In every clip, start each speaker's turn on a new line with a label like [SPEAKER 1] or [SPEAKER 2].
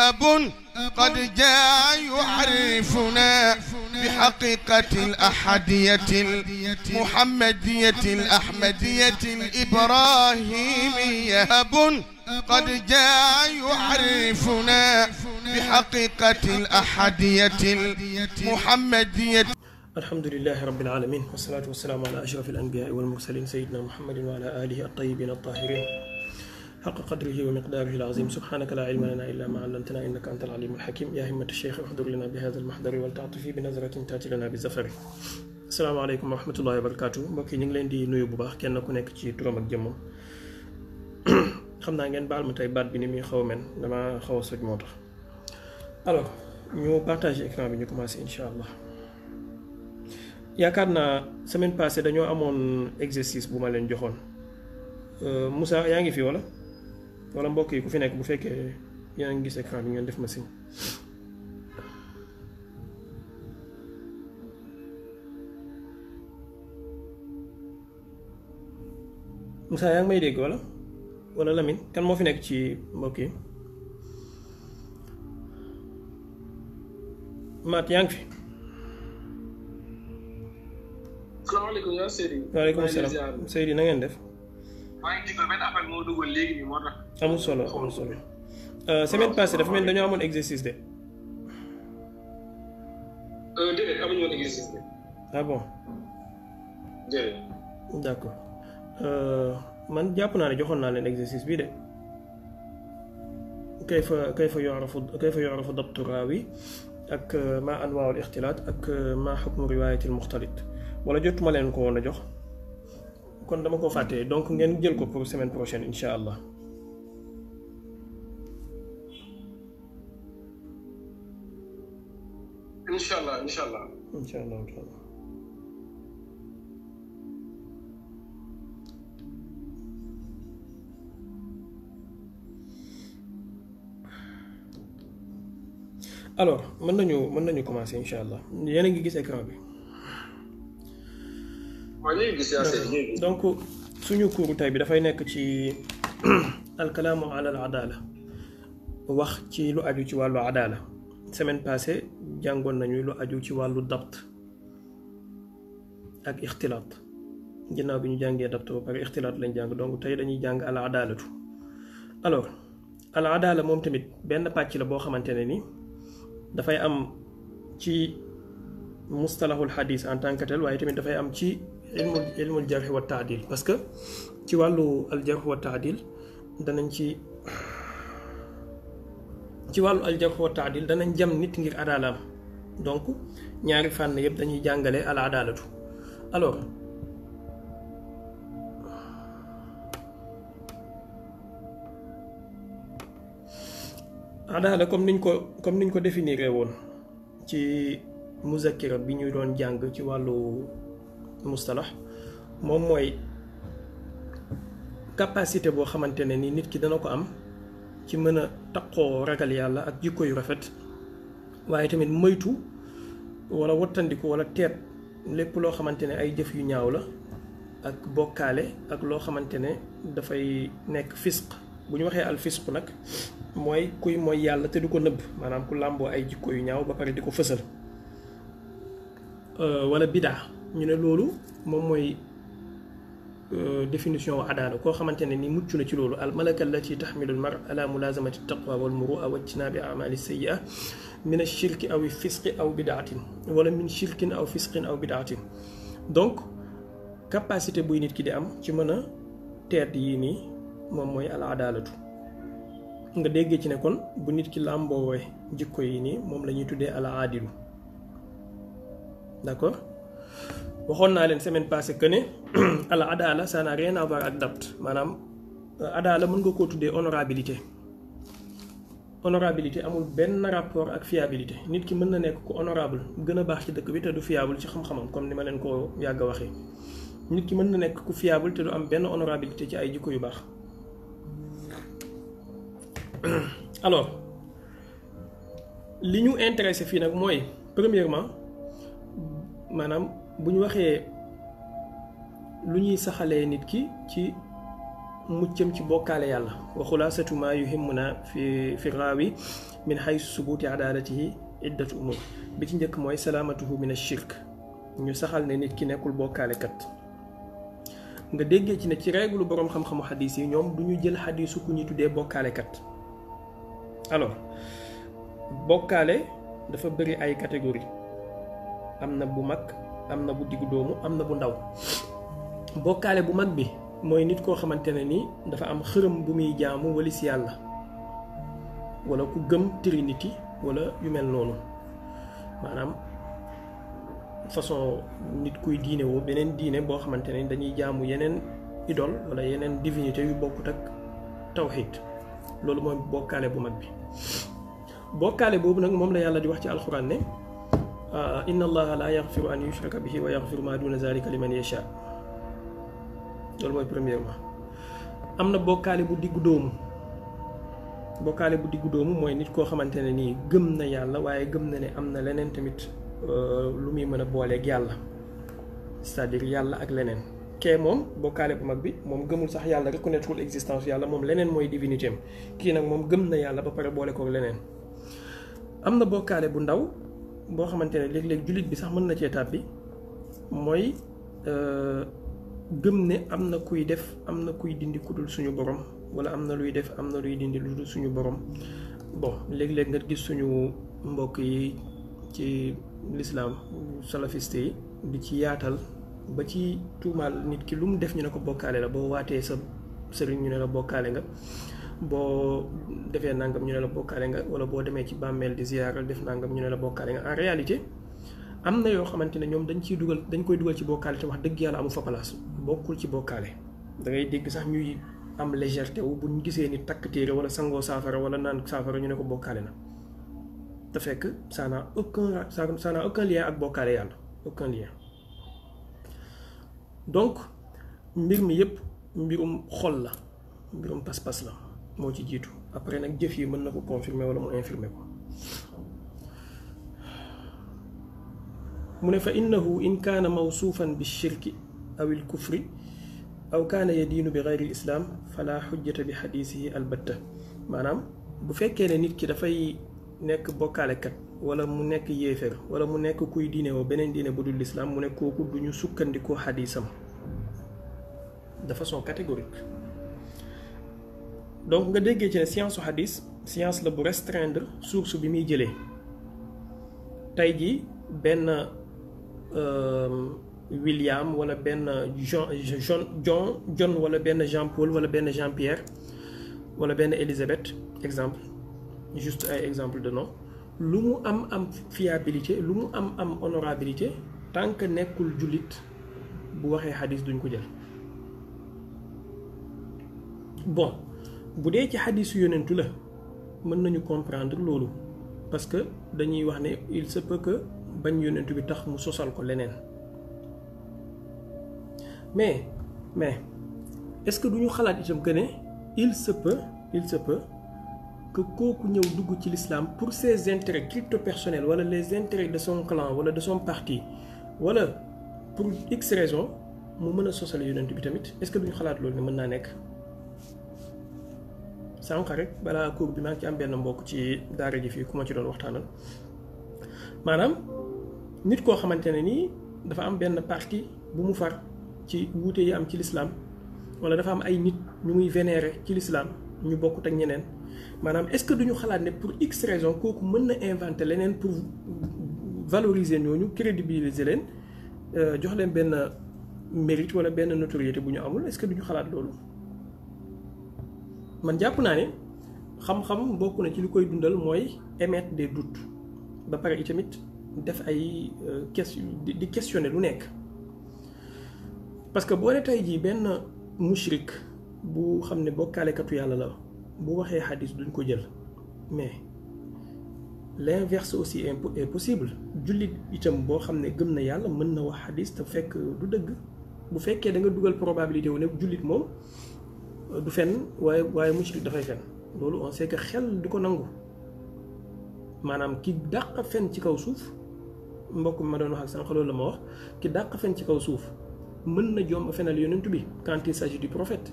[SPEAKER 1] أب قد جاء يعرفنا بحقيقة الأحدية المحمدية الأحمدية الإبراهيمية أب قد جاء يعرفنا بحقيقة الأحدية المحمدية الحمد لله رب العالمين والصلاة والسلام على أشرف الأنبياء والمرسلين سيدنا محمد وعلى آله الطيبين الطاهرين حق قدره ومقداره العظيم سبحانك لا علم لنا الا ما علمتنا انك انت العليم الحكيم يا همة الشيخ احضر لنا بهذا المحضر والتعطف بنظرة تاتي لنا بزفر السلام عليكم ورحمة الله وبركاته مكي نيغ لين دي نويو بو باخ كين كو نيك سي تروم اك جيمو خمنا نين بال متاي بات بي نيمي خاو مين دا ما خاو سوج موتاخ الو نيو بارتاجي اكران بي نيو ان شاء الله yaakaarna semaine passée dañoo amoon exercice bu ma leen joxoon euh Moussa yaa ngi fi wala wala mbokk yi ku fi nekk bu fekkee yaa ngi gis écran bi ngeen def ma signe Moussa yaa ngi may dégg wala wala Lamine kan moo fi nekk ci mbokk yi Maat yaa ngi fi. salaamaaleykum yaa Seydi. salaam Seydi na ngeen def. amul solo amul solo semaine passée dafa mel dañu dañoo amoon exercice de. déedéet amuñu woon exercice de. ah bon. déedéet. d' accord man jàpp naa ne joxoon naa leen exercice bi de. kayfa kayfa كيف كيف يعرف كيف يعرف ضبط الراوي أك ما ak ma أك ما حكم رواية المختلط ولا جوت مالين كون jox kon dama ko fàttee donc ngeen jël ko pour semaine prochaine incha allah incha allah incha allah incha allah alors mën nañu mën nañu commencer incha allah yéen a ngi gis écran bi donc suñu cour tay bi dafay nekk ci al alkalaamu ala al adala wax ci lu aju ci walu adala semaine passée jangon nañu lu aju ci walu dabt ak ikhtilat ginaaw bi ñu jàngee dabt ba pare ikhtilat lañ jàng donc tay dañuy jàng al adalatu alors al adala moom tamit benn pàcc la boo xamante ne ni dafay am ci mustalahu hadis en tant que tel waaye tamit dafay am ci ilmu ilmu jarxi wa taadil parce que ci wàllu al jarxi wa taadil danañ ci ci wàllu al jarxi wa taadil danañ jam nit ngir adaalaam donc ñaari fànn yëpp dañuy jàngale al adaalatu alors adaala comme niñ ko comme niñ ko définiré woon ci muzakira bi ñu doon jàng ci wàllu mustala moom mooy capacité boo xamante ne ni nit ki dana ko am ci mën a taqoo ragal yàlla ak jikko yu rafet waaye tamit moytu wala wottandiku wala teet lépp loo xamante ne ay jëf yu ñaaw la ak bokkaale ak loo xamante ne dafay nekk fisq bu ñu waxee al fisq nag mooy kuy mooy yàlla te du ko nëbb maanaam ku làmboo ay jikko yu ñaaw ba pare di ko fësal ولا بدعة من لولو مموي ديفينيسيون عدالة كو خامتاني ني موتشو نتي لولو الملكة التي تحمل المرء على ملازمة التقوى والمروءة واجتناب أعمال السيئة من الشرك أو الفسق أو بدعة ولا من شرك أو فسق أو بدعة دونك كاباسيتي بوي نيت كي دي ام تي مانا تيت يي ني مموي على عدالة nga déggee ci ne kon bu nit ki lamboowee jikko yi ni moom la ñuy tuddee ala aadilu d'accord waxoon naa leen semaine passée que ne al adala ça n'a rien à voir ak dabt maanaam euh, adala mën nga koo tuddee honorabilité honorabilité amul benn rapport ak fiabilité nit ki mën na nekk ku honorable gën a baax ci dëkk bi te du fiable ci xam-xamam comme ni ma leen ko yàgg a waxee nit ki mën na nekk ku fiable te du am benn honorabilité ci ay jikko yu baax alors li ñu intéressé fii nag mooy premièrement maanaam bu ñu waxee lu ñuy saxalee nit ki ci muccam ci bokkaale yàlla wa xulaasatu yu yuhimmuna fi fi raawi min xaysu subuuti adaalatihi iddatu umur bi ci njëkk mooy salaamatuhu min ashirk ñu saxal ne nit ki nekkul bokkaale nga déggee ci ne ci règle boroom xam-xamu xadiis yi ñoom du ñu jël xadiisu ku ñu tuddee bokkaale kat alors bokkaale dafa bëri ay catégorie am na bu mag am na bu diggu doomu am na bu ndaw bokkaale bu mag bi mooy nit koo xamante ne ni dafa am xërëm bu muy jaamu wala yàlla wala ku gëm trinity wala yu mel noonu maanaam façon nit kuy diine woo beneen diine boo xamante ni dañuy jaamu yeneen idole wala yeneen divinité yu bokkut ak tawxiid loolu mooy bokkaale bu mag bi bokkaale boobu nag moom la yàlla di wax ci alxuraan ne inna allaha la yaxfiru an yushraka bihi wa yaxfiru ma duna zalika liman yasha loolu mooy premièrement am na bokkaale bu diggu doomu bokkaale bu diggu doomu mooy nit koo xamante ne nii gëm na yàlla waaye gëm na ne am na leneen tamit euh, lu muy mën a booleeg yàlla cest yàlla ak leneen kee moom bokkaale bu mag bi moom gëmul sax yàlla ko reconnaîtreul existence yàlla moom leneen mooy divinité kii nag moom gëm na yàlla ba pare boole ko leneen am na bokkaale bu ndaw boo xamante ne léeg-léeg jullit bi sax mën na cee bi mooy euh, gëm ne am na kuy def am na kuy dindi ku dul suñu borom wala am na luy def am na luy dindi lu dul suñu borom bon léeg-léeg nga gis suñu mbokk yi ci lislaam salafiste yi di ci yaatal ba ci tuumaal nit ki lu mu def ñu ne ko bokkaale la boo waatee sa sëriñ ñu ne la bokkaale nga boo defee nangam ñu ne la bokkaale nga wala boo demee ci bàmmeel di ziyaara def nangam ñu ne la bokkaale nga en réalité am na yoo xamante ne ñoom dañ ciy dugal dañ koy dugal ci bokkaale te wax dëgg yàlla amu fa place bokkul ci bokkaale da ngay dégg sax ñuy am légèreté wu bu gisee ni takk téere wala sangoo saafara wala naan saafara ñu ne ko bokkaale na te fekk ça n'a aucun ça n'a aucun lien ak bokkaale yàlla aucun lien donc mbir mi yëpp mbirum xol la mbirum la moo ci jiitu après nag jëf yi mën na ko confirmer wala mu infirmer ko mu ne fa innahu in kaana mawsuufan bi shirki awil il kufri aw kaana yadiinu bi gayri islaam fala xujjata bi xadiisihi albatta maanaam bu fekkee ne nit ki dafay nekk bokkaalekat wala mu nekk yéeféer wala mu nekk kuy diine beneen diine bu dul islaam mu ne kooku du ñu sukkandikoo xadiisam de façon catégorique donc nga déggee ci ne science u xadis science la bu restreindre source bi muy jëlee tey jii benn euh, William wala benn Jean John John John wala benn Jean Paul wala benn Jean Pierre wala benn Élisabeth exemple juste ay exemple de nom lu mu am am fiabilité lu mu am am honorabilité tant que nekkul julit bu waxee hadith duñ ko jël bon bu dee ci xadisu yonentu la mën nañu comprendre loolu parce que dañuy wax ne il se peut que bañ yonentu bi tax mu sosal ko leneen mais mais est-ce que duñu xalaat itam que ne il se peut il se peut que kooku ñëw dugg ci l'islam pour ses intérêts crypto personnels wala les intérêts de son clan wala de son parti wala pour x raison mu mën a sosal yonentu bi tamit est-ce que duñu xalaat loolu ne mën naa nekk sànq rek balaa cours bi maa ngi ci am benn mbokk ci daara ji fii ku ma ci doon waxtaanal maanaam nit koo xamante ne nii dafa am benn parti bu mu far ci wuute yi am ci lislaam wala dafa am ay nit ñu muy vénérer ci lislaam ñu bokkut ak ñeneen maanaam est-ce que duñu xalaat ne pour x raison kooku mën na inventer leneen pour valoriser ñooñu crédibiliser leen euh, jox leen benn mérite wala benn notoriété bu ñu amul est-ce que duñu xalaat loolu. man jàpp naa ne xam-xam bokk na ci lu koy dundal mooy émettre des doutes ba pare itamit def ay euh, question di questionner lu nekk parce que boo ne tey jii benn mushrik bu xam ne bokkaalekatu yàlla la bu waxee xadis duñ ko jël mais l'inverse aussi est possible jullit itam boo xam ne gëm na yàlla mën na wax xadis te fekk du dëgg bu fekkee da nga dugal probabilité wu ne jullit moom du fenn waaye waaye mushrik dafay fenn loolu on sait que xel du ko nangu maanaam ki dàq fenn ci kaw suuf mbokk ma doon wax ak sànq loolu la ma wax ki dàq fen ci kaw suuf mën na jom fenal yonent bi quand il s'agit du prophète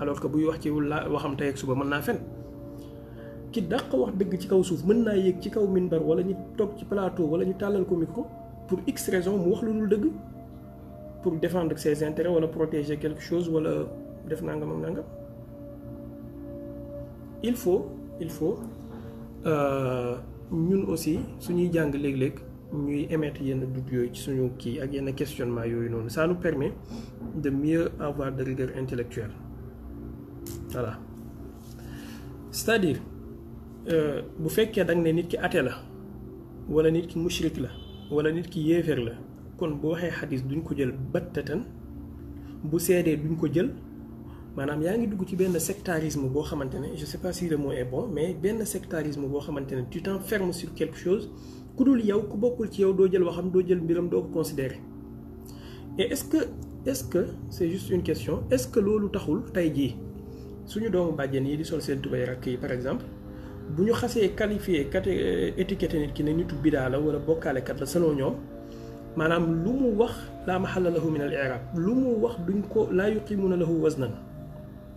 [SPEAKER 1] alors que buy wax ci la waxam tey ak suba mën naa fen ki dàq wax dëgg ci kaw suuf mën naa yéeg ci kaw minbar wala ñu toog ci plateau wala ñu tàllal ko micro pour x raison mu wax lu dul dëgg pour défendre ses intérêts wala protéger quelque chose wala def nangam ak nangam il faut il faut euh, ñun aussi suñuy jàng léeg-léeg ñuy émettre yenn doute yooyu ci suñu kii ak yenn questionnement yooyu noonu ça nous permet de mieux avoir de rigueur intellectuelle voilà c'est-à-dire euh, bu fekkee da nga ne nit ki athée la wala nit ki mushrik la wala nit ki yéeféer la kon bu waxee xadis duñ ko jël battatan bu seedee duñ ko jël maanaam yaa ngi dugg ci benn sectarisme boo xamante ne je sais pas si le mot est bon mais benn sectarisme boo xamante ne tu t'enfermes sur quelque chose ku dul yow ku bokkul ci yow doo jël waxam doo jël mbiram doo ko considérer et est-ce que est-ce que c'est juste une question est-ce que loolu taxul tay jii suñu doomu bàjjen yi di sol seen tubay rakk yi par exemple bu ñu xasee qualifié kat étiqueté nit ki ne nitu bidaa la wala kat la selon ñoom maanaam lu mu wax laa mahalla lahu min al i'rab lu mu wax duñ ko laa yuqimuna lahu waznan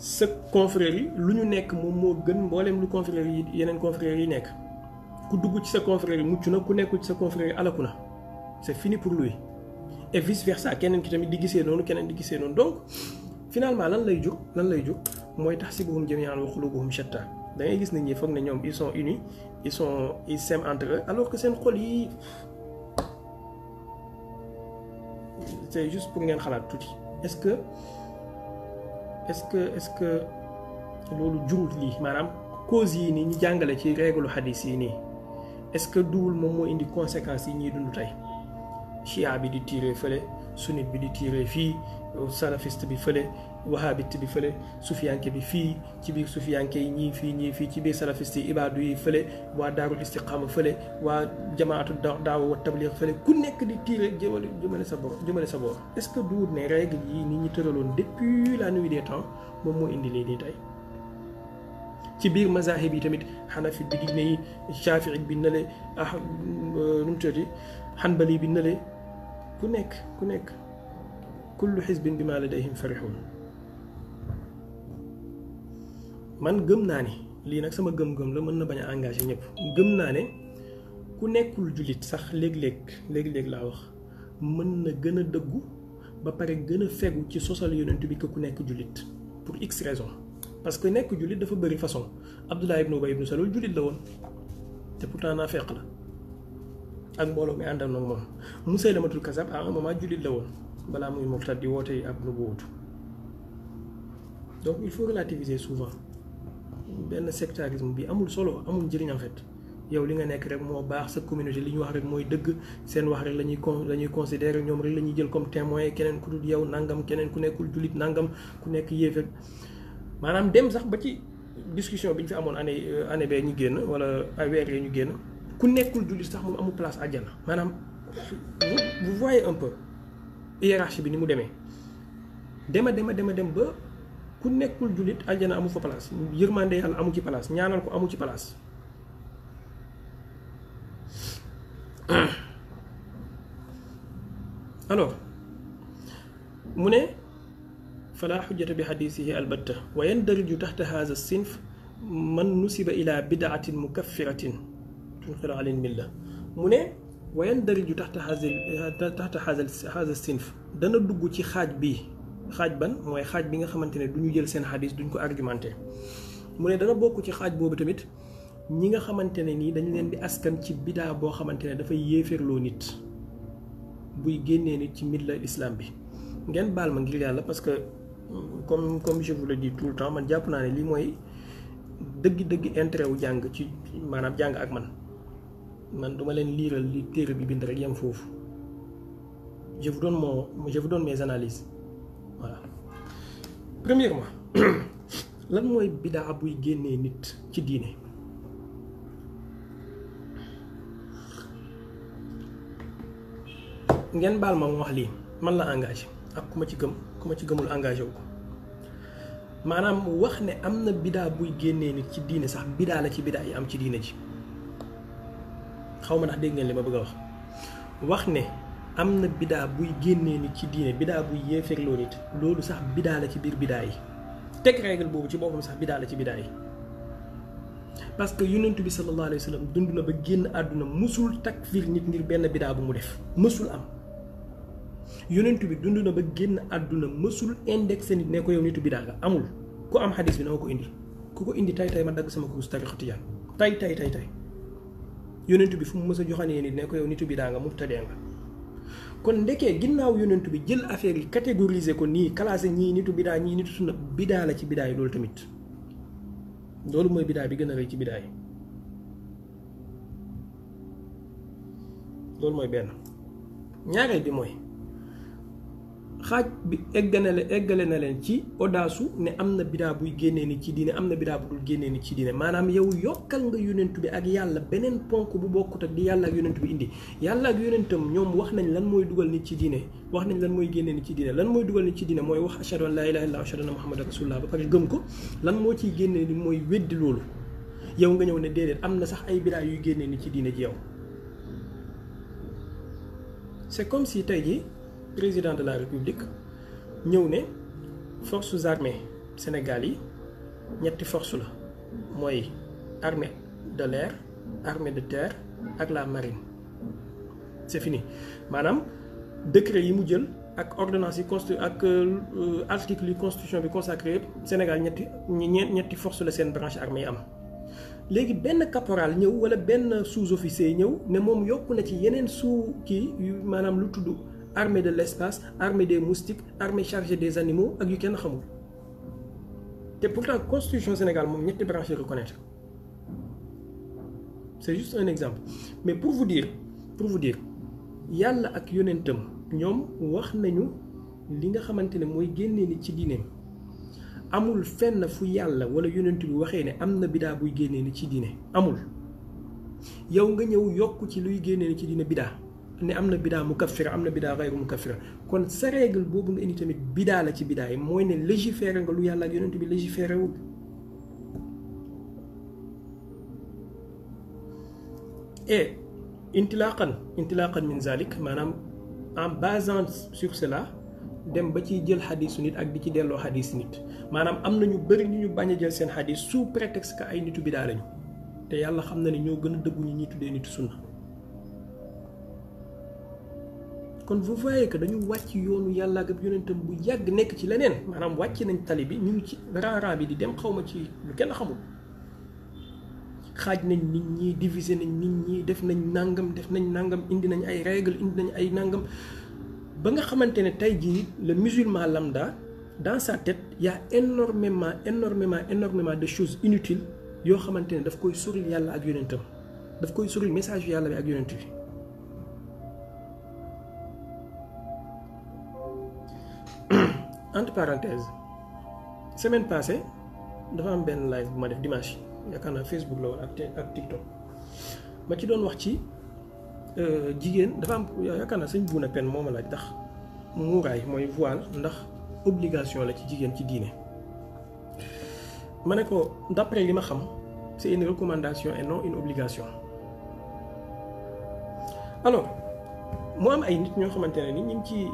[SPEAKER 1] sa confrérie, yi lu ñu nekk moom moo gën mbooleem lu confrérie yi yeneen confrère yi nekk ku dugg ci sa confrérie yi mucc na ku nekku ci sa confrérie alaku na c'est fini pour lui et vice versa keneen ki tamit di gisee noonu keneen di gisee noonu donc finalement lan lay jur lan lay jur mooy tax si buhum jamian wa xulubuhum shatta da ngay gis nit ñi foog ne ñoom ils sont unis ils sont ils s'aiment entre eux alors que seen xol yi c'est juste pour ngeen xalaat tuuti est-ce que est-ce que est-ce que loolu jurul lii maanaam cause yii nii ñu jàngale ci règle xadis yi nii est-ce que duwul moom moo indi conséquences yi ñuy dund tey chia bi di tiiree fële sunnit bi di tiiree fii salafiste bi fële wahabite bi fële sufiyanke bi fii ci biir sufiyanke yi ñii fii ñii fii ci biir salafiste yi ibaadu yi fële waa daarul istiqaama fële waa jamaatu daawa wa tabliq fële ku nekk di tiire jëmale jëmale sa boor jëmale sa boor est-ce que duur ne règle yi nit ñi tëraloon depuis la nuit des temps moom moo indi lii nii tey ci biir mazahib yi tamit xanafi bi diine yi shafii bi nale ah nu xanbali bi nale ku nekk ku nekk كل حزب بما لديهم فرحون farixuun man gëm naa ne lii nag sama gëm-gëm la mën na bañ a engagé ñëpp gëm naa ne ku nekkul jullit sax léeg-léeg léeg-léeg laa wax mën na gën a dëggu ba pare gën a fegu ci sosal yonent bi que ku nekk jullit pour x raison parce que nekk julit dafa bëri façon abdoulaye ibnu Ubay ibnu Salul julit la woon te pourtant naa feq la ak mbooloo mi àndal nag moom Musaylamatul Kasab à un moment julit la woon muy donc il faut relativiser souvent benn sectarisme bi amul solo amul en fait yow li nga nekk rek moo baax sa communauté li wax rek mooy dëgg seen wax rek la ñuy con la considérer ñoom rek la jël comme témoin keneen ku dul yow nangam keneen ku nekkul julit nangam ku nekk maanaam dem sax ba ci discussion bi fi amoon année euh, année bee ñu génn wala ay ñu vous voyez un peu. hiérarchie bi ni mu demee dema dema dema dem ba ku nekkul jullit aljana amu fa place yërmande yàlla amu ci place ñaanal ko amu ci place alors mu ne falaa xujjata bi xadisihi albatta wa yandariju taxta haza sinf man nusiba ila bidaatin mukaffiratin tunqira alil milla mu ne ويندرج تحت هذا تحت هذا هذا الصنف دا ندوغ سي خاج بي خاج بان موي خاج بيغا خامتيني دونو جيل سين حديث دونكو ارغومونتي موني دا بوكو سي خاج بوبو تاميت نيغا خامتيني ني داني لين دي اسكان سي بيدا بو خامتيني دا فاي ييفير لو نيت بوي генي نيت سي ميدل الاسلام بي نين بال ما يالا باسكو كوم كوم جي فولو دي طول تام مان جابنا لي موي دغ دغ انتريو جانغ سي مانام جانغ اك مان man duma len liiral li téere bi bind rek yam fofu je vous donne mon je vous donne mes analyses voilà premièrement lan moy bida buy génnee nit ci diine ngeen bal ma wax li man la engagé ak kuma ci gëm kuma ci gëmul engagé wu maanaam wax ne am na bidaa buy génnee nit ci diine sax bidaa la ci bidaa yi am ci diine ji xaw ma ndax dégg ngeen li ma bëgg a wax wax ne am na biddaa buy génnee nit ci diine biddaa buy yéefeegloo nit loolu sax bidaa la ci biir biddaa yi teg règle boobu ci boppam sax bidaa la ci bidaa yi parce que yonent bi sallallahu alayhi wa dund na ba génn àdduna mësul takfir nit ngir benn bidaa bu mu def mësul am yonent bi dund na ba génn àdduna mësul indexé nit ne ko yow nitu bidaa nga amul ku am xadis bi na ko indi ku ko indi tay tay ma dagg sama kurus tarixu tijaan tay tay tay tay yonent bi fu mu mës a joxanee nit ne ko yow nitu bi daa nga mubtadee nga kon ndeke ginnaaw yonent bi jël affaire yi catégoriser ko nii classé ñii nitu bidaa ñii nitu sunna bidaa la ci bidaa loolu tamit loolu mooy bidaa bi gën a rëy ci bidaa yi loolu mooy benn ñaareel bi mooy xaaj bi egganale eggale na leen ci odaasu ne am na bidaa buy génnee ni ci diine am na bidaa bu dul génnee ni ci diine maanaam yow yokkal nga yonent bi ak yàlla beneen ponk bu bokkut ak di yàlla ak yonent bi indi yàlla ak yonentam ñoom wax nañ lan mooy dugal nit ci diine wax nañ lan mooy génnee ni ci diine lan mooy dugal nit ci diine mooy wax ashhadu an laa ilaaha illallaah ashhadu anna muhammadan rasulullah ba pare gëm ko lan moo ciy génnee ni mooy weddi loolu yow nga ñëw ne déedéet am na sax ay bidaa yuy génnee ni ci diine ji yow si tey ji président de la république ñëw ne forces armées Sénégal yi ñetti force la mooy armée de l'air armée de terre ak la marine c'est fini maanaam décret yi mu jël ak ordonnance yi consti ak euh, article yi constitution bi consacré Sénégal ñetti ñetti force la seen branche armée Les am léegi benn caporal ñëw wala benn sous-officier ñëw ne moom yokku na ci yeneen sous kii maanaam lu tudd armée de l'espace armée des moustiques armée chargée des animaux ak yu kenn xamul te pourtant constitution Sénégal moom ñetti branches reconnaître c'est juste un exemple mais pour vous dire pour vous dire yalla ak yonentam ñom wax nañu li nga xamantene ne génné ni ci amul fenn fu yalla wala yonent bi waxee ne am na buy ci amul yow nga uyo yok ci luy génné ni ci bida ne am na bidaa mu kaffira am na bidaa xayru mu kaffira kon sa règle boobu nga indi tamit bidaa la ci bidaa mooy ne légiféré nga lu yàlla ak yonent bi légiféré wul et intilaqan intilaqan min zalik maanaam en basant sur cela dem ba ciy jël xadiisu nit ak di ci delloo xadiis nit maanaam am na ñu bëri ñu ñu bañ a jël seen xadiis sous prétexte que ay nitu bidaa lañu te yàlla xam na ni ñoo gën a dëggu ñu ñuy tuddee nitu sunna kon vous que dañu wàcc yoonu yàlla ak yonentam bu yàgg nekk ci leneen maanaam wàcc nañ tali bi ñu ngi ci rang-rang bi di dem xaw ma ci lu kenn xamul xaaj nañ nit ñi diviser nañ nit ñi def nañ nangam def nañ nangam indi nañ ay règle indi nañ ay nangam ba nga xamante ne tey jii le musulman lambda dans sa tête y a énormément énormément énormément de chose inutiles yoo xamante ne daf koy soril yàlla ak yonentam daf koy soril message yàlla bi ak yonent bi parenthèse, parenthèses semaine passée dafa am benn live bu def Facebook la TikTok ma ci doon wax ci euh, jigéen dafa am yaakaar pen voile ndax obligation la ci jigéen ci diine. ne ko d'après li xam c'est une recommandation et non une obligation alors mu am ay nit ñoo xamante ni ñu ci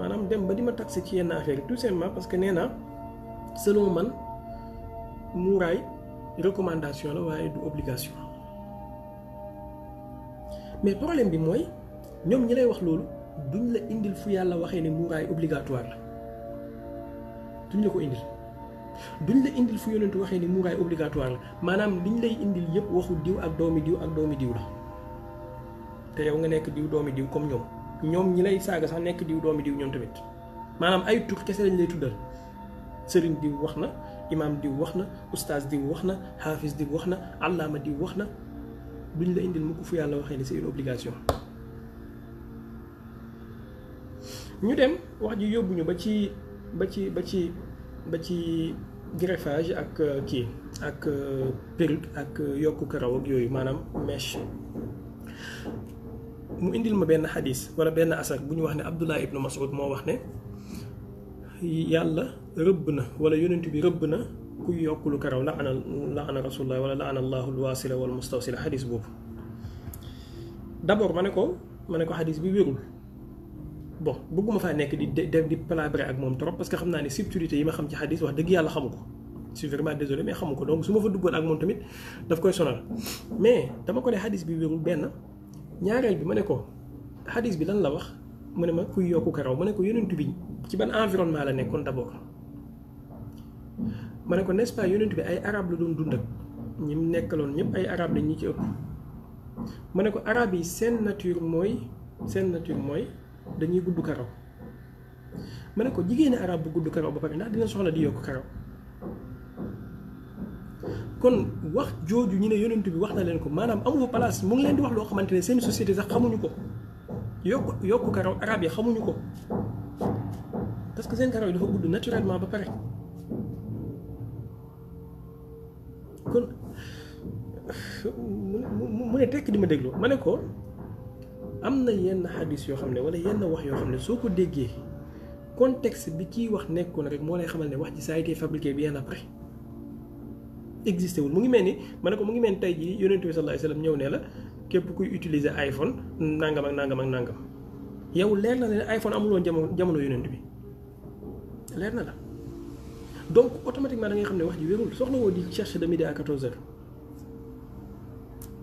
[SPEAKER 1] maanaam dem ba di ma taxé ci yenn affaire yi tout simplement parce que nee naa selon man muuraay recommandation la waaye du obligation mais problème bi mooy ñoom ñi lay wax loolu duñ la indil fu yàlla waxee ne muuraay obligatoire la duñ la ko indil duñ la indil fu yonentu waxee ne muuraay obligatoire maanaam liñ lay indil yëpp waxu diw ak doomi diw ak doomi diw la te yow nga nekk diw doomi diw comme ñoom ñoom ñi lay saaga sax nekk diw doomi diw ñoom tamit maanaam ay tur kese lañ lay tuddal sëriñ diw wax na imaam diw wax na ustaas diw wax na xaafis diw wax na allaama diw wax na duñ la indil mukk fu yàlla waxee ni c'est une obligation ñu dem wax ji yóbbu ñu ba ci ba ci ba ci ba ci greffage ak euh, kii ak euh, perruque ak euh, yokk karaw yooyu maanaam mèche mu indil ma benn xadis wala benn asak bu ñu wax ne Abdullah ibnu Mas'ud moo wax ne yàlla rëbb na wala yonent bi rëbb na ku yokk lu karaw la ana la ana rasulullah wala la ana allahu alwasila wal mustawsila xadis boobu d' abord ma ne ko ma ne ko xadis bi wérul bon bëgguma faa nekk di def di palabrer ak moom trop parce que xam naa ne subtilité yi ma xam ci xadis wax dëgg yàlla xamu ko je suis vraiment désolé mais xamu ko donc su ma fa duggoon ak moom tamit daf koy sonal mais dama ko ne xadis bi wérul benn ñaareel bi ma ne ko xadis bi lan la wax mu ne ma kuy yokku karaw ma ne ko yonent bi ci ban environnement la nekkoon d'abord ma ne ko n'est-ce bi ay arab la doon dund ak ñi mu nekkaloon ñëpp ay arab la ñu ci ëpp ma ne ko arab yi seen nature mooy seen nature mooy dañuy gudd karaw ma ne ko jigéeni arab bu gudd karaw ba pare ndax dina soxla di yokk karaw kon wax jooju ñu ne yonent bi wax na leen ko maanaam amu fa place mu ngi leen di wax loo xamante ne seen société sax xamuñu ko yokk yokk karaw araab yi xamuñu ko parce que seen karaw yi dafa gudd naturellement ba pare kon mu ne tekk di ma déglu ma ne ko am na yenn xadis yoo xam ne wala yenn wax yoo xam ne soo ko déggee contexte bi kiy wax nekkoon rek moo lay xamal ne wax ji saa a été fabriqué bien après existé wul mu ngi mel ni ma ne ko mu ngi mel ni tey jii yonent bi sallallahu alayhi wasallam ñëw ne la képp kuy utiliser iPhone nangam ak nangam ak nangam yow leer na la iPhone amul woon jamono jamono yonent bi leer na la donc automatiquement da ngay xam ne wax ji wérul soxla woo di chercher de midi à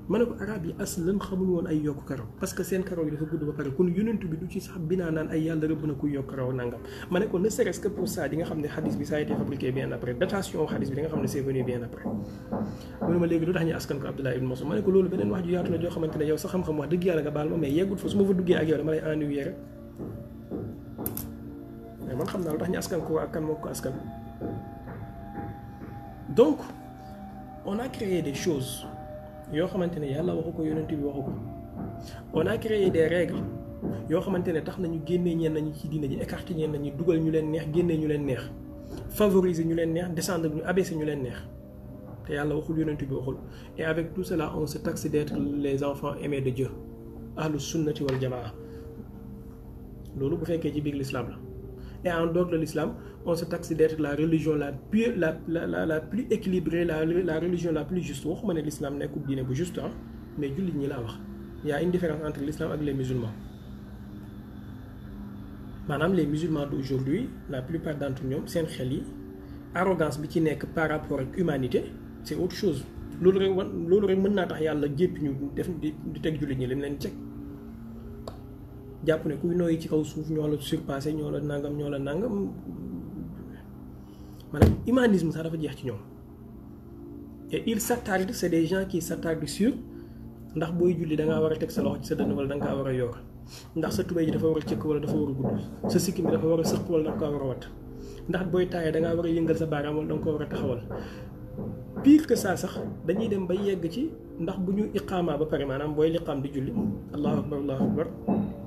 [SPEAKER 1] mané ko arab yi aslan xamul won ay yok karaw parce que sen karaw yi dafa gudd ba pare kun yonent bi du ci sax bina nan ay yalla rëbb na kuy yokk karaw nangam mané ko ne serait-ce que pour ça di nga xam ne bi ça a été fabriqué bien après datation hadith bi di nga xam c'est venu bien après mu ne ma léegi lu tax askan ko Abdullah ibn Mas'ud mané ko lolu benen wax ju yaatu la joo xamante yow sa xam-xam wax deug yalla nga baal ma mais yegut fa suma ma fa duggee ak yow dama lay ennuyé rek mais man xam naa lu tax ñu askan ko ak kan moko askan donc on a créé des choses yoo xamante ne yàlla waxu ko yonent bi waxu ko on a créé des règles yoo xamante ne tax nañu génnee ñeen nañu ci diina ji écarté ñeen nañu dugal ñu leen neex génnee ñu leen neex favoriser ñu leen neex descendre ñu abaisser ñu leen neex te yàlla waxul yonent bi waxul et avec tout cela on se taxe d'être les enfants aimés de Dieu ahlu sunnati wal jamaa loolu bu fekkee ci biir l'islam la et en dehors de l'islam, on se taxe d'être la religion la plus, la, la, plus équilibrée, la, religion la plus juste. On ne l'islam nest diine bu juste ah, mais jullit ñi laa wax y a une différence entre l'islam et les musulmans Madame, les musulmans d'aujourd'hui la plupart d'entre nous, c'est un yi arrogance bi n'est que par rapport à l'humanité, c'est autre chose loolu rek loolu rek mën naa tax yàlla jéppi ñu def di teg jullit ñi jàpp ne kuy nooyi ci kaw suuf ñoo la surpassé ñoo la nangam ñoo la nangam maanaam humanisme sax dafa jeex ci ñoom et ils s'attardent c'est des kii qui s'attardent sur ndax booy julli da ngaa war a teg sa loxo ci sa dënn wala da nga war a yor ndax sa tubéy ji dafa war a cëkk wala dafa war a gudd sa sikkim bi dafa war a sëq wala da ko war a wat ndax booy taayee da war a yëngal sa baaraam wala da ko war a taxawal pire que sax dañuy dem ba yegg ci ndax bu ñu iqaamaa ba pare maanaam booy liqaam di julli allahu akbar allahu akbar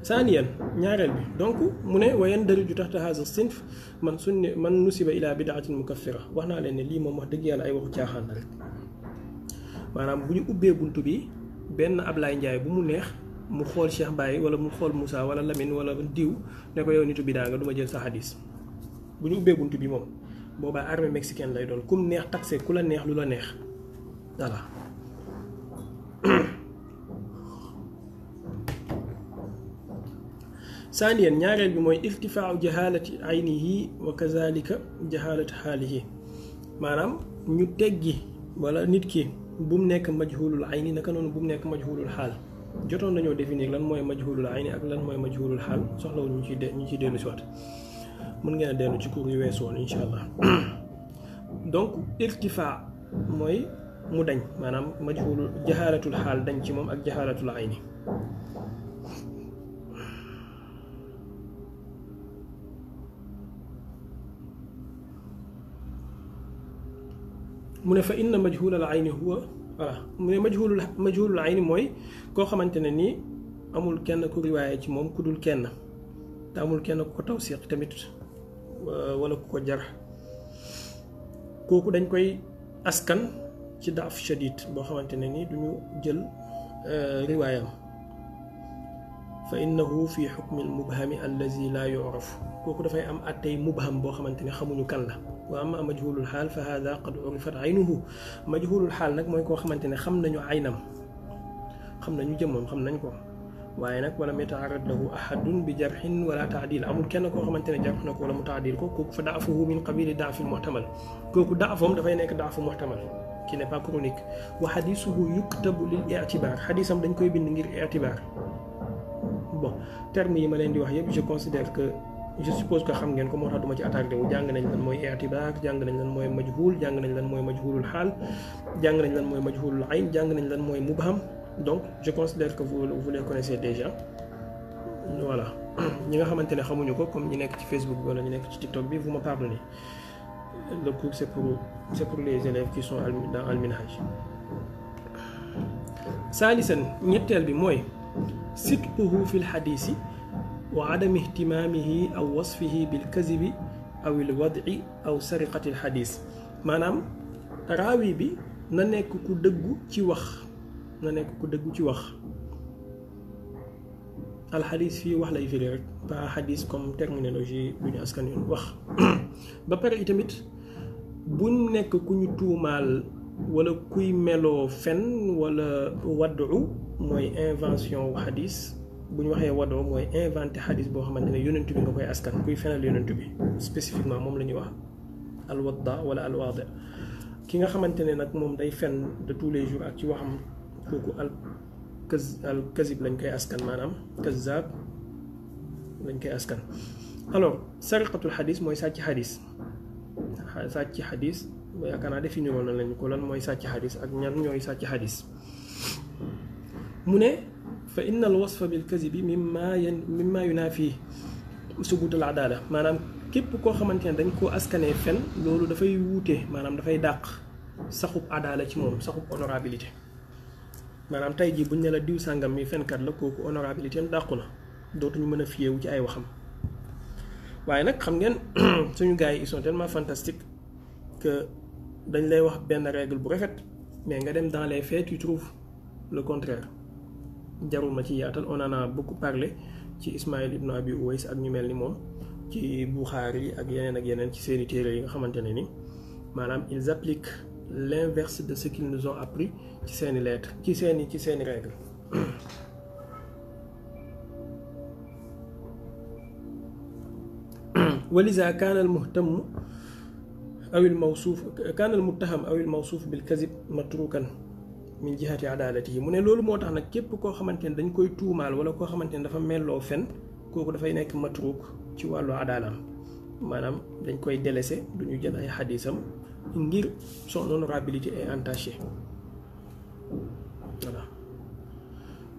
[SPEAKER 1] ثانيا نيارل بي دونك مون وين دري جو تحت هذا الصنف من سن من نسب الى بدعه مكفره وحنا لان لي موم واخ دغ يالا اي واخ تياخان رك مانام بو ني اوبي بونتو بي بن ابلاي نجاي بو مو نيه مو خول شيخ باي ولا مو خول موسى ولا لامين ولا ديو نكو يو نيتو بي داغا دوما جيل سا حديث بو ني اوبي بونتو بي موم بوبا ارمي مكسيكين لاي دون كوم نيه تاكسي كولا نيه لولا نيه دالا voilà. saniyen ñaareel bi mooy iltifaau jahalati aynihi wa kazalika jahalati haalihi maanaam ñu teggi wala nit ki bum nekk majhulul ayni naka noonu bum nekk majhulul xaal jotoon nañoo définir lan mooy majhulul ayni ak lan mooy majhulul xaal soxla wuñ ñu ci ñu ci dellu siwaat mën ngeen a dellu ci cour yu weesu woon incha allah donc irtifa mooy mu dañ maanaam majhulul jahalatul xaal dañ ci moom ak jahalatul ayni mu ne fa inna majhulal ayni huwa voilà mu ne majhulul majhulul ayni mooy koo xamante ne nii amul kenn ku riwaaye ci moom ku kenn te amul kenn ku ko tawsiq tamit wala ku ko jar kooku dañ koy askan ci daaf shadid boo xamante ne duñu jël riwaayam فانه في حكم المبهم الذي لا يعرف كوكو داي ام اتاي مبهم بو خامتيني خامو نيو كان لا واما مجهول الحال فهذا قد عرفت عينه مجهول الحال نك موي كو خامتيني خام نانيو عينم خام نانيو جيموم خام نانكو واي نك ولا يتعرض له احد بجرح ولا تعديل امول كين كو خامتيني جرح نكو ولا متعديل كو كوك فدافه من قبيل ضعف المحتمل كوكو ضعفهم داي نيك ضعف محتمل كي نيبا كرونيك وحديثه يكتب للاعتبار حديثم دنجكوي بين غير اعتبار bon terme yi ma leen di wax yëpp je considère que je suppose que xam ngeen ko moo tax duma ci attaqué wu jàng nañ lan mooy i'tibaar jàng nañ lan mooy majhul jàng nañ lan mooy majhulul xaal jàng nañ lan mooy majhulul ayn jàng nañ lan mooy mubham donc je considère que vous vous les connaissez déjà voilà ñi nga xamante ne xamuñu ko comme ñi nekk ci Facebook bi wala ñi nekk ci TikTok bi vous me pardonnez le cours c'est pour pour les élèves qui sont dans al-minhaj saalisan ñetteel bi mooy سكته في الحديث وعدم اهتمامه أو وصفه بالكذب أو الوضع أو سرقة الحديث مانام راوي بي نانيك كو تي واخ نانيك كو تي واخ الحديث في واخ لاي با حديث كوم تيرمينولوجي بني اسكان يون با بري تاميت بون نيك كو ني تومال wala kuy meloo fen wala waddu mooy invention wu xadis bu ñu waxee waddu mooy inventé xadis boo xamante ne yonent bi nga koy askan kuy fenal yonent bi spécifiquement moom la ñuy wax alwadda wala alwaade ki nga xamante ne nag moom day fen de tous les jours ak ci waxam kooku al kaz al kazib lañ koy askan maanaam kazab lañ koy askan alors sariqatul xadis mooy sàcc xadis sàcc xadis yaakaar naa définir woon nañu ko lan mooy sàcc xadis ak ñan ñooy sàcc xadis mu ne fa inna al wasfa bil kazibi mimma mimma naa subut al adala maanaam képp koo xamante ne dañ koo askanee fen loolu dafay wuute maanaam dafay dàq saxub adala ci moom saxub honorabilité maanaam tey jii buñ ne la diw sàngam mi fenkat la kooku honorabilité am dàqu na dootuñu mën a fiyewu ci ay waxam waaye nag xam ngeen suñu gars yi ils sont dañ lay wax benn règle bu rafet mais nga dem dans les faits tu trouves le contraire jarul ma ci yaatal on en a beaucoup parlé ci Ismaïl ibn Abi Uways ak ñu mel ni moom ci Bukhari ak yeneen ak yeneen ci seeni téere yi nga xamante ne ni maanaam ils appliquent l'inverse de ce qu'ils nous ont appris ci seeni lettres ci seeni ci seeni règles walisa al muhtamu aw il mawsuuf kaana al muttaham aw il mawsuuf bil kazib matrukan min jihati yi mu ne loolu moo tax na képp ko xamante ne dañ koy tuumaal wala koo xamante ne dafa meloo fen kooku dafay nekk matruk ci wàllu adaalaam maanaam dañ koy délaissé du jël ay xadisam ngir son honorabilité est entachée voilà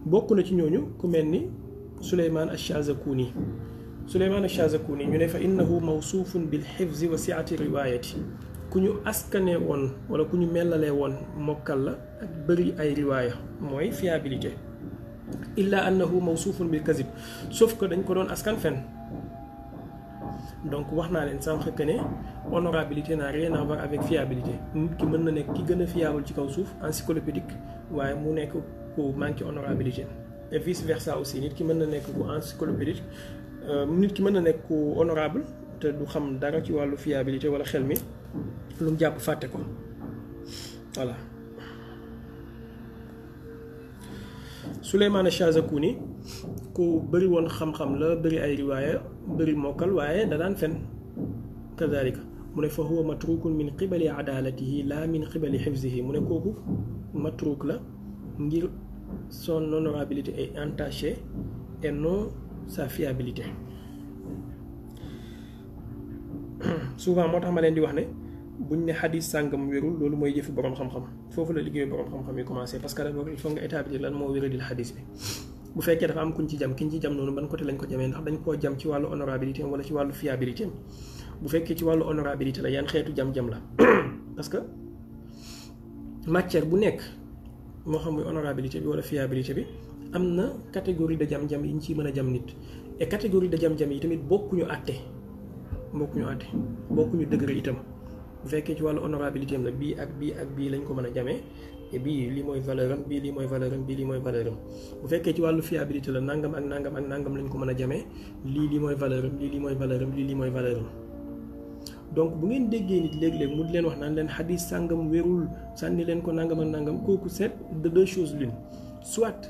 [SPEAKER 1] bokk na ci ñooñu ku mel ni Souleymane Ash-Shazakuni سليمان الشازكوني يقول فإنه موصوف بالحفظ وسعة الرواية كنو اسكاني ون ولا كنو ميلا لي ون موكالا بري أي رواية موي فيابيليتي إلا أنه موصوف بالكذب سوف كدن كدن أسكن فن دونك واخنا لين سانخ كني اونورابيليتي نا رينا فار افيك فيابيليتي نيت كي مننا نيك كي غنا فيابل سي كاو سوف انسيكلوبيديك واي مو نيك كو مانكي اونورابيليتي et vice versa aussi nit ki mën na nek bu encyclopédique nit ki mën na nekk ku honorable te du xam dara ci wàllu fiabilité wala xel mi lu mu jàpp fàtte ko voilà Souleymane Shazakuni ku bëri woon xam-xam la bëri ay riwaaya bëri mokkal waaye da daan fen kadalika mu ne fa huwa matrukun min qibali adalatihi la min qibali xifzihi mu ne kooku matruk la ngir son honorabilité est entaché et non sa fiabilité souvent moo tax ma leen di wax ne buñ ne xadis sàngam wérul loolu mooy jëfi borom xam-xam foofu la liggéeyu borom xam-xam yi commencé parce que d'abord il faut nga établir lan moo wéradil xadis dafa am kuñ ci jam kiñ ci jam noonu ban côté lañ ko jamee ndax dañ koo jam ci wàllu honorabilité wala ci wàllu fiabilité bu fekkee ci wàllu honorabilité la yan xeetu jam-jam la parce que matière bu nekk moo xam muy honorabilité bi wala fiabilité bi am na catégorie de jam-jam yi ñu ci mën a jam nit et catégorie de jam-jam yi tamit bokkuñu àtte bokkuñu àtte bokkuñu degré itam bu fekkee ci wàllu honorabilité la bii ak bii ak bii lañ ko mën a jamee et bii lii mooy valeuram bii lii mooy valeur am bii lii mooy valeur am bu fekkee ci wàllu fiabilité la nangam ak nangam ak nangam lañ ko mën a jamee lii lii mooy valeur am lii mooy valeur am lii lii mooy valeur donc bu ngeen déggee nit léeg-léeg mu leen wax naan leen xadis sàngam wérul sànni leen ko nangam ak nangam kooku set de deux choses l'une soit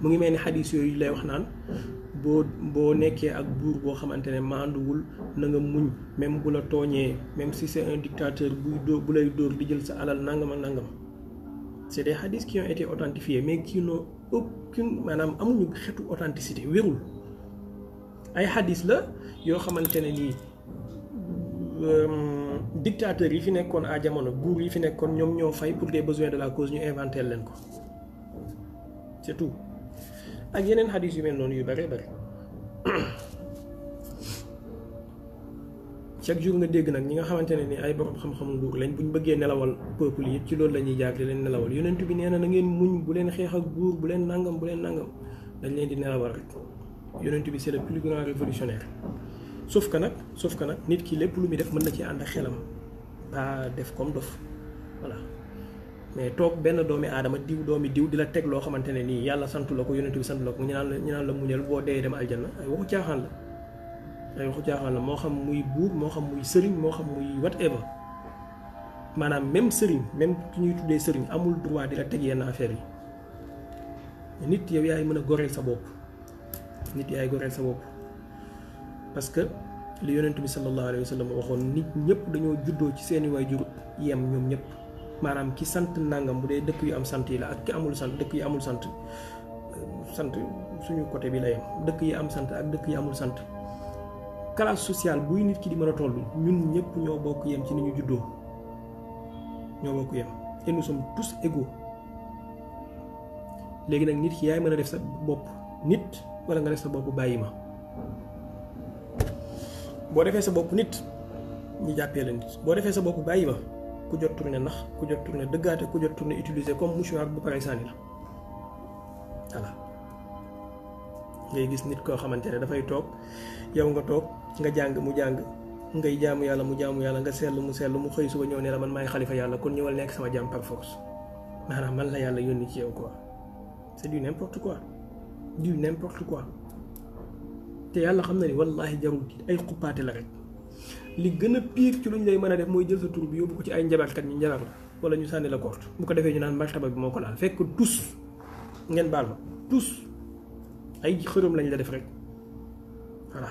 [SPEAKER 1] mu ngi mel ni xadis yooyu lay wax naan boo boo nekkee ak buur boo xamante ne maanduwul na nga muñ même bu la tooñee même ci c'est un dictateur buy dóor bu lay dóor di jël sa alal nangam ak nangam c'est des hadiths qui ont été authentifiés mais qui n'ont aucune maanaam amuñu xeetu authenticité wérul ay hadith la yoo xamante ne nii euh, dictateurs yi fi nekkoon à jamono buur yi fi nekkoon ñoom ñoo fay pour des besoins de la cause ñu inventé leen ko. c'est tout ak yeneen xadis yu mel noonu yu bare bare chaque jour nga dégg nag ñi nga xamante ne ni ay borom xam-xamu nguur lañ buñ bëggee nelawal peuple yëpp ci loolu la ñuy jaar di leen nelawal yonent bi nee na na ngeen muñ bu leen xeex ak buur bu leen nangam bu leen nangam dañ leen di nelawal rek yonent bi c'est le plus grand révolutionnaire sauf que nag suuf ko nag nit ki lépp lu muy def mën na ci ànd ak xelam ba def comme dof voilà mais toog benn doomi aadama diw doomi diw di la teg loo xamante ne nii yàlla santu la ko yonent bi sant la ko ñu naan la ñu naan la muñal boo dee dem aljanna ay waxu caaxaan la ay waxu caaxaan la moo xam muy buur moo xam muy sëriñ moo xam muy whatever maanaam même sëriñ même ki ñuy tuddee sëriñ amul droit di la teg yenn affaire yi nit yow yaay mën a goreel sa bopp nit yaay goreel sa bopp parce que li yonent bi sallallahu alayhi wa sallam waxoon nit ñëpp dañoo juddoo ci seeni waajur yem ñoom ñëpp manam ki sant nangam bu dee dëkk yu am sant yi la ak ki amul sant dëkk yu amul sant sant suñu côté bi lay yem dëkk yi am sant ak dëkk yi amul sant classe sociale buy nit ki di mën a toll ñun ñëpp ñoo bokk yem ci ni ñu juddoo ñoo bokk yem et nous sommes tous égaux léegi nag nit ki yaay mën a def sa bopp nit wala nga def sa bopp bàyyi ma boo defee sa bopp nit ñu jàppee la nit boo defee sa bopp bàyyi ku jot tourné nax ku jot tourné dëggaate ku jot tourné utilisé comme mouchoir bu pare la voilà ngay gis nit koo xamante ne dafay toog yow nga toog nga jàng mu jàng ngay jaamu yàlla mu jaamu yàlla nga seetlu mu seetlu mu xëy suba ñëw ne la man maay xalifa yàlla kon ñëwal nekk sama jaam par force maanaam man la yàlla yónni ci yow quoi c'est du n'importe quoi du n'importe quoi te yàlla xam na ni wallaahi jarul ay xuppaate la rek. li gën a pire ci lu ñu lay mën a def mooy jël sa tur bi yóbbu ko ci ay njabarkat ñu njabar la wala ñu sànni la korte bu ko defee ñu naan martaba bi moo ko laal fekk tus ngeen baal ma tus ay xërëm lañ la def rek voilà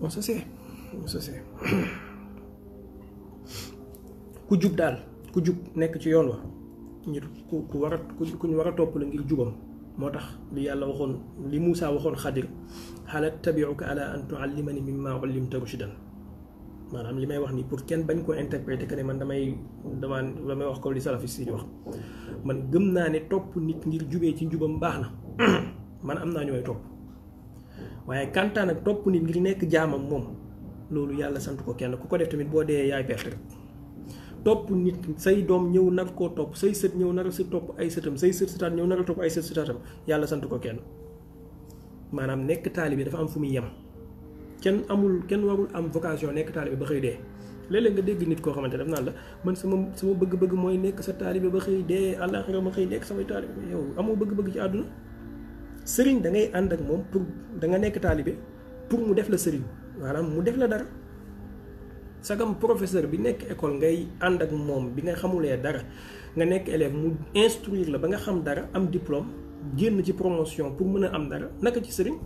[SPEAKER 1] on se sait ku jub daal ku jub nekk ci yoon wa ñu ku ku war a ku ñu war a topp la ngir jubam moo tax li yàlla waxoon li Moussa waxoon xadir xala tabiuka ala an tuallimani mimma ullimta rushdan maanaam li may wax nii pour kenn bañ koo interpréter que ne man damay damaa damay wax comme li salafis yi wax man gëm naa ne topp nit ngir jubee ci njubam baax na man am naa ñu may topp waaye kantaan ak topp nit ngir nekk jaamam moom loolu yàlla sant ko kenn ku ko def tamit boo dee yaay perte rek topp nit say doom ñëw nar koo topp say sët ñëw nar a si topp ay sëtam say sët sëtaat ñëw nar a topp ay sët sëtaatam yàlla sant ko kenn maanaam nekk taalibe dafa am fu muy yem kenn amul kenn warul am vocation nekk taalibe ba xëy dee léeg nga dégg nit koo xamante daf naan la man sama sama bëgg-bëgg mooy nekk sa taalibe ba xëy dee àllaaxira ma xëy nekk samay taalibe yow amoo bëgg-bëgg ci àdduna sëriñ dangay ànd ak moom pour da nga nekk taalibe pour mu def la sëriñ maanaam mu def la dara sagam professeur bi nekk école ngay ànd ak moom bi nga xamulee dara nga nekk élève mu instruire la ba nga xam dara am diplôme génn ci promotion pour mën a am dara naka ci sëriñ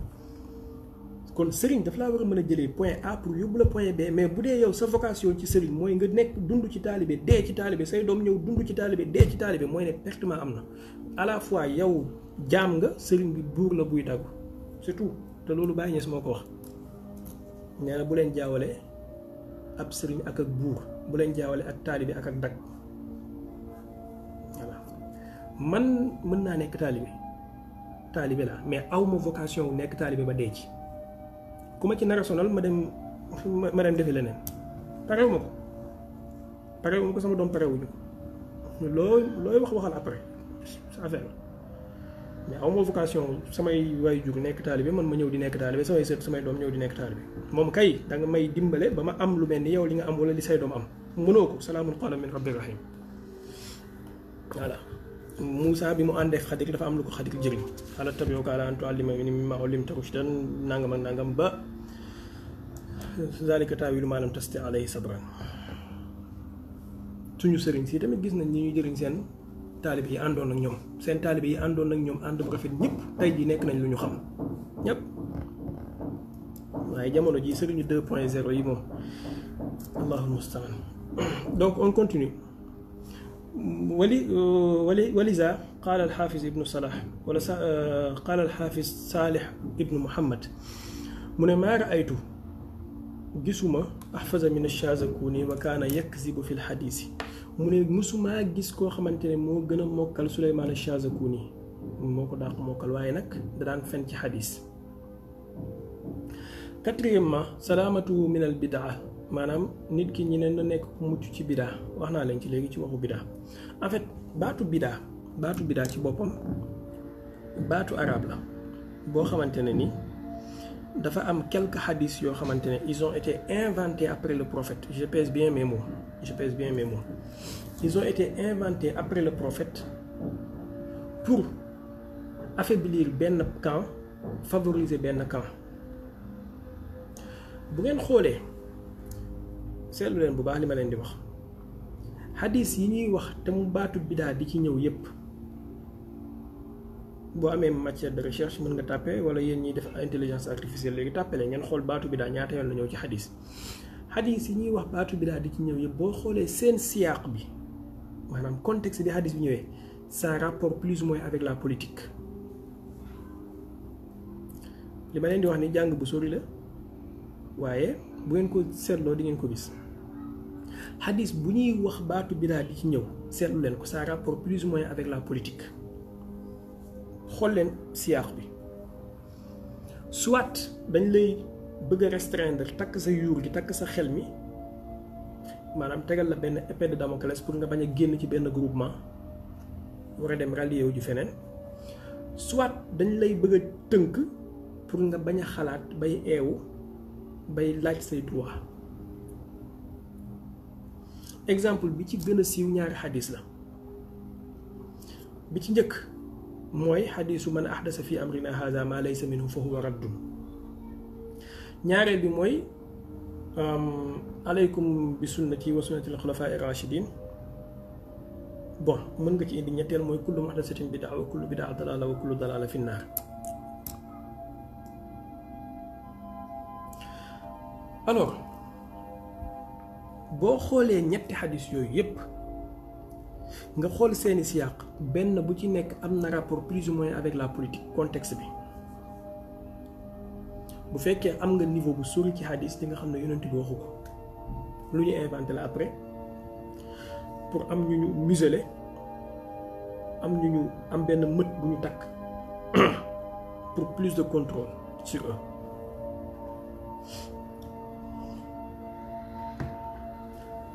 [SPEAKER 1] kon sëriñ daf laa war a mën a jëlee point A pour yóbbu la point B mais bu dee yow sa vocation ci sëriñ mooy nga nekk dund ci taalibe dee ci taalibe say doom ñëw dund ci taalibe dee ci taalibe mooy ne pertement am na à la fois yow jaam nga sëriñ bi buur la buy daggu c'est tout te loolu bàyyi ñes moo ko wax nee na bu leen jaawale ab sëriñ ak ak buur bu leen jaawale ak taalibi ak ak dag man mën naa nekk taalibi taalibi la mais awma vocation wu nekk taalibi ba dee ci ku ma ci nar ma dem ma dem defi leneen parewu ma ko parewu ma ko sama doom parewuñu ko loo looy wax waxal après affaire la mais aw ma vocation samay waay jur nekk bi man ma ñëw di nekk taalibe samay sët samay doom ñëw di nekk taalibe moom kay da may dimbale ba ma am lu mel ni yow li am wala li say am mënoo ko salaamun qawlan bi mu àndee xadir dafa am lu ko xadir jëriñ ala tabi'uka ala an tu'allimani mimma ullimta rushdan nangam ak nangam ba zalika suñu sëriñ si tamit gis nañ ni ñuy jëriñ seen taalibe yi àndoon ak ñoom seen taalibe yi àndoon ak ñoom ànd bu rafet ñëpp tey jii nekk nañ lu ñu xam ñëpp waaye jamono ji sëriñu deux point zéro yi moom allahul mustaan donc on continue wali ولي ولي ولذا قال الحافظ ابن صلاح قال الحافظ صالح ابن محمد من ما رأيت جسما أحفظ من الشاذكوني وكان يكذب في الحديث mu ne musumaa gis koo xamante ne moo gën a mokkal Souleymane nii moo ko dàq mokkal waaye nag da daan fen ci xadis quatrièmement salaamatu min al bidaa maanaam nit ki ñi ne na nekk ku mucc ci bidaa wax naa leen ci léegi ci waxu bidaa en baatu bidaa baatu bidaa ci boppam baatu arab la boo xamante ne ni dafa am quelques hadiths yoo xamante ne ils ont été inventés après le prophète je pèse bien mes mots je pèse bien mes mots ils ont été inventés après le prophète pour affaiblir benn camp favoriser benn camp bu ngeen xoolee seetlu leen bu baax li ma leen di wax xadis yi ñuy wax te mu baatu bidaa di ci ñëw yépp boo amee matière de recherche mën nga tàppe wala yéen ñiy def intelligence artificielle léegi tàppale ngeen xool baatu bidaa ñaata yoon la ñëw ci xadis hadith yi wax baatu bidaa di ci ñew yëpp bo xolé seen siyaq bi maanaam contexte bi hadith bi ñewé ça rapport plus ou moins avec la politique li ma leen di wax ni jang bu sori la waaye bu ngeen ko setlo di ngeen ko gis hadith bu ñuy wax baatu bidaa di ci ñew seetlu leen ko ça rapport plus ou moins avec la politique xol len siyaq bi soit bañ lay. bëgg restreindre takk sa yuur gi takk sa xel mi maanaam tegal la benn épée de damocles pour nga bañ a génn ci benn groupement war a dem rallier wu ji feneen soit dañ lay bëgg a tënk pour nga bañ a xalaat bay eewu bay laaj say droit exemple bi ci gën a siiw ñaari xadis la bi ci njëkk mooy xadisu man ahdasa fi amrina haza ma laysa minhu fa huwa raddun ñaarel bi mooy alaykum bi sunnati wa sunnati al khulafa ar rashidin bon mën nga ci indi ñettel moy kullu muhdathatin bidaa wa kullu bidaa dalaala wa kullu dalaala fi nar alors bo xolé ñett hadith yoy yep nga xol seeni siyaq ben bu ci nek amna rapport plus ou moins avec la politique contexte bi bu fekkee am nga niveau bu sori ci hadis di nga xam ne yonent bi lu ñu inventé la après pour am museler am am pour plus de contrôle sur eux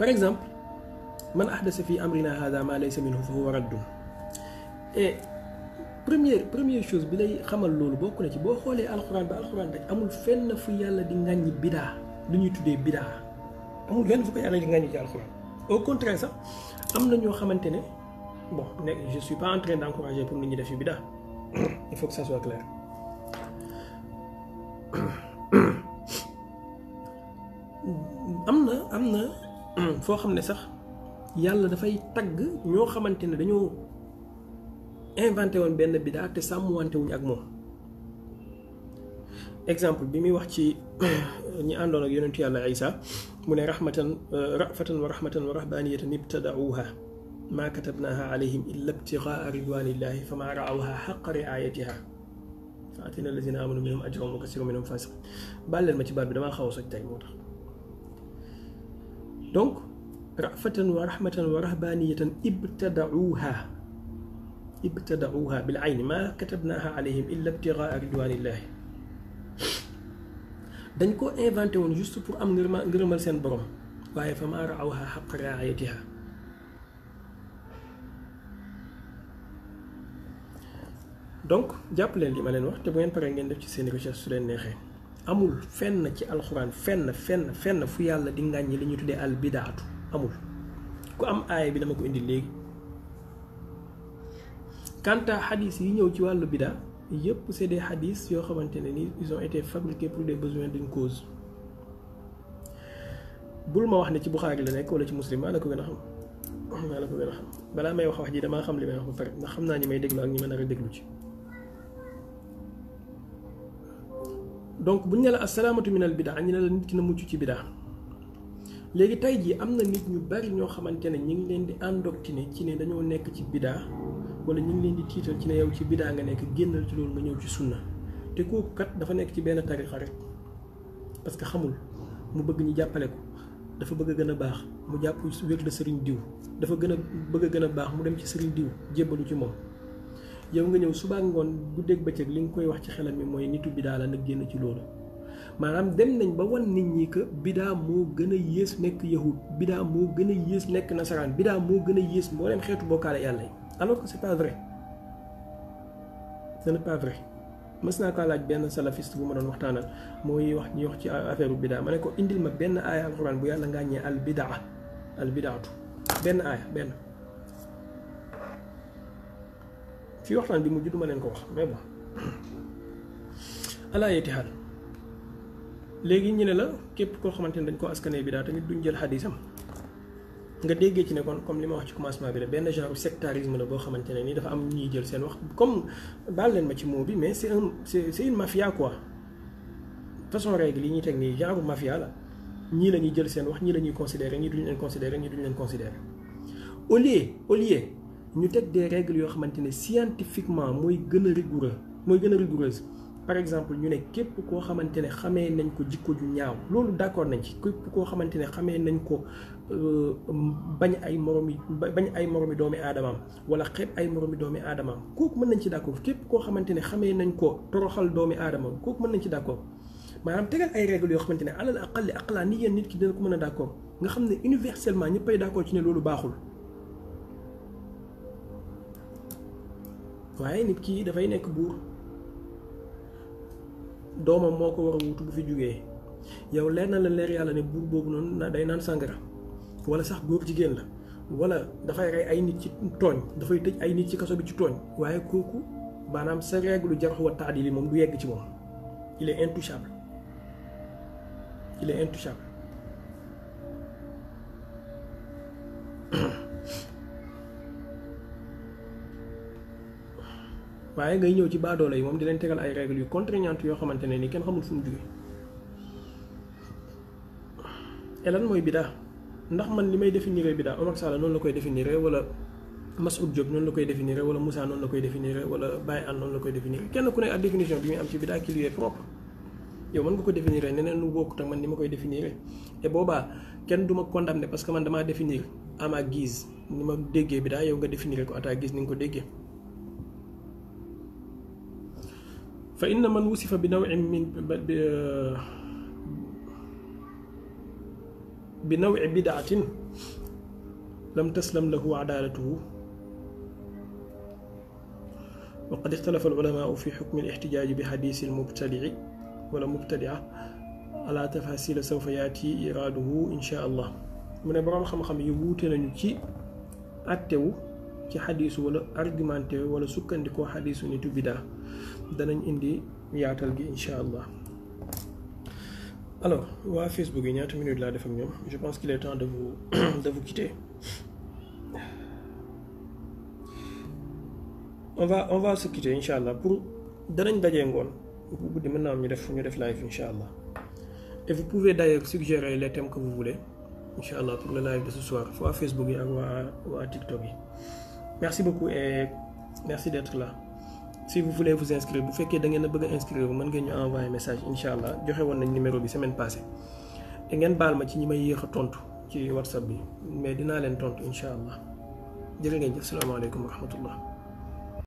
[SPEAKER 1] par exemple man ahdasa fi amrina hada ma laysa minhu huwa première première chose bi lay xamal loolu bokk na ci boo xoolee alxuraan ba alxuraan rek amul fenn fu yàlla di ngàññi bidaa lu ñuy tuddee bidaa amul fenn fu ko yàlla di ngàññi ci alxuraan au contraire sax am na ñoo xamante ne bon ne je suis pas en train d' encourager pour nit ñi def yu bidaa il faut que ça soit clair am na am na foo xam ne sax yàlla dafay tagg ñoo xamante ne dañoo. inventé woon benn bidaa te sàmmwante wuñ ak moom exemple bi muy wax ci ñi àndoon ak yonentu yàlla isa mu ne rahmatan rafatan wa rahmatan wa rahbaniyatan ibtadauha ma katabnaha alayhim illa ibtigaa ridwanillahi fama raawha xaqa riayatiha faatina alladina amanu minhum ajrahum wa kasiru minhum fasiqin baal leen ma ci baat bi damaa xaw a soj tey moo tax donc rafatan wa rahmatan wa rahbaniyatan ibtadauha ibtadauha bil ayni ma katabnaha alayhim illa ibtigaa ridwanillahi dañ ko invanté woon juste pour am ngërëma ngërëmal seen borom waaye fa ma raawha xaq raayatiha donc jàpp leen li ma leen wax te bu ngeen paree ngeen def ci seen recherche su leen neexee amul fenn ci alxuraan fenn fenn fenn fu yàlla di ngàññi li ñu tuddee al bidaatu amul ku am aaya bi dama ko indi léegi quant à xadis yi ñëw ci wàllu bida yépp c'est des xadis yoo xamante ne ni ils ont été fabriqués pour des besoins d'une cause bul ma wax ne ci Buxaari la nekk wala ci muslim maa la ko gën a xam a balaa may wax wax ji damaa xam li may wax ba pare ndax xam naa ñi may déglu ak ñi ma nar a déglu ci donc bu ñu ne la asalaamatu minal bidaa ñu ne la nit ki na mucc ci bidaa léegi tey jii am na nit ñu bari ñoo xamante ne ñu ngi leen di endoctriner ci ne dañoo nekk ci bidaa wala ñu ngi leen di tiital ci ne yow ci bidaa nga nekk génnal ci loolu nga ñëw ci sunna te kooku kat dafa nekk ci benn tarixa rek parce que xamul mu bëgg ñu jàppale ko dafa bëgg a gën a baax mu jàpp wér de sëriñ diw dafa gën a bëgg a gën a baax mu dem ci sëriñ diw jébbalu ci moom yow nga ñëw suba ngoon guddeeg bëccëg li nga koy wax ci xelam mi mooy nitu bidaa la nag génn ci loolu maanaam dem nañ ba wan nit ñi ko bidaa moo gën a yées nekk yahud bidaa moo gën a yées nekk nasaraan bidaa moo gën a yées mbooleem xeetu bokkaale yàlla alors que c'est pas vrai ce n'est pas vrai mës naa kaa laaj benn salafiste bu ma doon waxtaanal mooy wax wax ci affaire ko indil ma benn aaya alquran bu langganya al bidaa al bidaatu tu. aaya ayah fi waxtaan bi mujj duma leen ko wax mais bon ala yeeti xaal legi ñu ne la képp koo xamante ne dañ ko askanee bidaa tamit duñ jël nga déggee ci ne kon comme li ma wax ci commencement bi la benn genre sectarisme la boo xamante ne nii dafa am ñuy jël seen wax comme baal leen ma ci mot bi mais c'est un c'est une mafia quoi façon règle yi ñuy teg nii genre mafia la ñii la ñuy jël seen wax ñii la ñuy considérer ñii duñ leen considérer ñii duñ leen considérer au lieu au lieu ñu teg des règles yoo xamante ne scientifiquement mooy gën a rigoureux mooy gën a rigoureuse par exemple ñu ne képp koo xamante ne xamee nañ ko jikko ju ñaaw loolu d'accord nañ ci képp koo xamante ne xamee nañ ko bañ ay moromi bañ ay moromi doomi aadamaam wala xeeb ay moromi doomi aadamaam kooku mën nañ ci d'accord képp koo xamante ne xamee nañ ko toroxal doomi aadama kooku mën nañ ci d'accord maanaam tegal ay règle yoo xamante ne alal aqalli aqalaa ni yéen nit ki dina ko mën a d'accord nga xam ne universellement ñëppay d'accord ci ne loolu baaxul waaye nit ki dafay nekk buur doomam moo ko war a wutu bu fi jugee yow leer na la leer yàlla ne buur boobu noonu na day naan sàngara wala sax góor jigéen la wala dafay rey ay nit ci tooñ dafay tëj ay nit ci kaso bi ci tooñ waaye kooku maanaam sa règle jarxu wa taadili moom du yegg ci moom il est intouchable il est intouchable waaye ngay ñëw ci baadoolo yi moom di leen tegal ay règles yu contraignantes yoo xamante ne ni kenn xamul fu mu jóge et lan mooy bidaa ndax man li may définir bidaa Omar Sall noonu la koy définir wala Masoud Diop noonu la koy définir wala Moussa noonu la koy définir wala Baye Anne noonu la koy définir kenn ku ne ak définition bi muy am ci bidaa qui lui est propre yow mën nga ko définir neneen lu bokkut ak man ni ma koy définir te boobaa kenn du ma condamné parce que man damaa définir à ma guise ni ma déggee bidaa yow nga définir ko à ta guise ni nga ko déggee. فإن من وصف بنوع من بنوع بدعة لم تسلم له عدالته وقد اختلف العلماء في حكم الاحتجاج بحديث المبتدع ولا مبتدعة على تفاصيل سوف يأتي إراده إن شاء الله من أبرام خم خم نكي أتو ci xadiisu wala argumenté wala sukkandikoo xadiisu nitu bidaa danañ indi yaatal gi incha allah. alors waa Facebook yi ñaata minute laa def ak ñoom je pense qu'il est temps de vous de vous quitter on va on va se quitter incha allah pour danañ dajee ngoon bu guddi mën naa ñu def ñu def live incha allah et vous pouvez d'ailleurs suggérer les thèmes que vous voulez incha allah pour le live de ce soir waa Facebook yi ak waa waa TikTok yi merci beaucoup et merci d'être là si vous voulez vous inscrire vous fekkee da ngeen a bëgg a inscrire mën ngeen ñu envoyer message inshallah allah joxe woon nañ numéro bi semaine passée te ngeen baal ma ci ñi may yéex a tontu ci whatsapp bi mais dinaa leen tontu inshallah allah jërë ngeen jëf salaamaaleykum wa rahmatullah